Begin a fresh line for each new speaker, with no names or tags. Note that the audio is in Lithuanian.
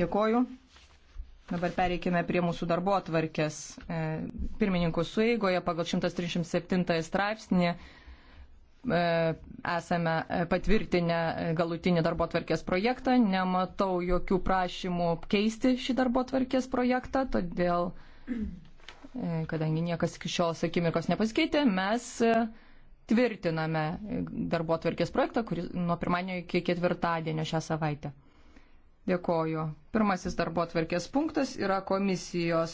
Dėkoju. Dabar pereikime prie mūsų darbo atvarkės. E, pirmininkų sueigoje pagal 137 straipsnį e, esame e, patvirtinę galutinį darbo atvarkės projektą. Nematau jokių prašymų keisti šį darbo atvarkės projektą, todėl, kadangi niekas iki šios akimirkos nepasikeitė, mes tvirtiname darbo atvarkės projektą, kuris nuo pirmadienio iki ketvirtadienio šią savaitę. Dėkoju. Pirmasis darbo atverkės punktas yra komisijos